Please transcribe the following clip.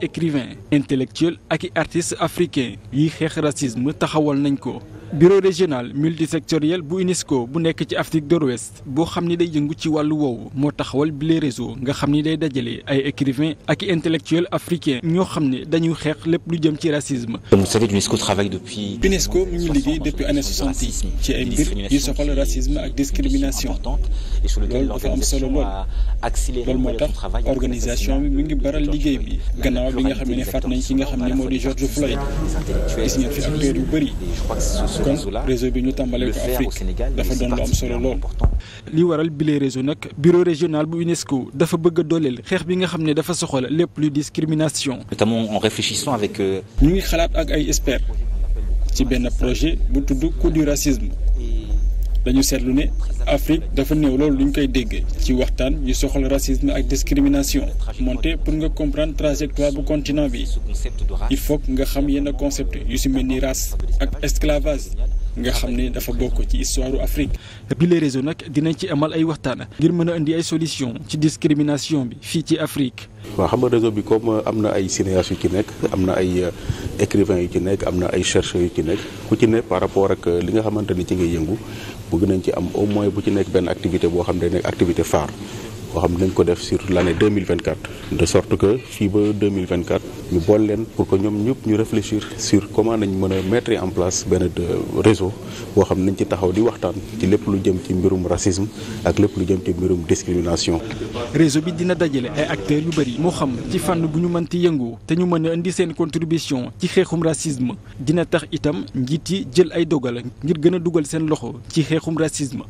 écrivain intellectuel ak i artiste africain yiy xeex racisme taxawal nañ ko bureau régional multisectoriel bu UNESCO bu nekk ci Afrique de l'Ouest boo xam ni day jëngu ci wàllu woowu moo taxawal bile réseau nga xam ni day dajale ay écrivains ak i intellectuels ñoo xam ne dañuy xeex lépp lu jëm ci racisme. comme vous savez l'UNESCO travaille depuis. UNESCO mu ngi liggéey depuis année soixante yi ci ay mbir yu soxal am solo lool loolu moo tax organisation bi mu ngi baral liggéey bi gannaaw bi nga xam ne faat nañ ci nga xam ne moo di George Floyd gis ngeen fi acteurs yu bëri. kon réseau bi ñu tàmbalee ko Afrique dafa doon lu am solo lool. li waral bile réseau nag bureau régional bu UNESCO dafa bëgg dooleel xeex bi nga xam ne dafa soxal lépp luy discrimination. notamment en réfléchissant avec. Euh, ñu ngi xalaat ak ay experts ci benn projet bu tudd coup du racisme. dañu seetlu ne Afrique dafa néew loolu lu ñu koy dégg ci waxtaan yu soxal racisme ak discrimination moonte pour nga comprendre trajectoire bu continent bi il faut nga xam yenn concept yu si mel ni race ak esclavage nga xam ne dafa bokk ci histoire Afrique. bi les réseaux nag dinañ ci amal ay waxtaan. ngir mën a indi ay solution ci discrimination bi fii ci Afrique. waaw xam nga réseau bi comme am na ay cinéastes yu ci nekk am na ay euh, écrivains yu ci nekk am na ay chercheurs yu ci nekk ku ci nekk par rapport ak euh, li nga xamante ni ci ngay yëngu bëgg nañ ci am au moins bu ci nekk benn activité boo xam ne nekk activité phare. boo xam ne nañ ko def sur l' année deux mille vingt quatre de sorte que fii ba deux mille vingt ñu bool leen pour que ñoom ñëpp ñu réfléchir sur comment nañ mën a mettre en place benn euh, réseau boo xam nañ ci taxaw di waxtaan ci lépp lu jëm ci mbirum racisme ak lépp lu jëm ci mbirum discrimination. réseau bi dina dajale ay acteurs yu bëri. moo xam ci fànn bu ñu mënti yëngu te ñu mën a indi seen contribution ci xeexum racisme dina tax itam njiit yi jël ay dogal ngir gën a dugal seen loxo ci xeexum racisme.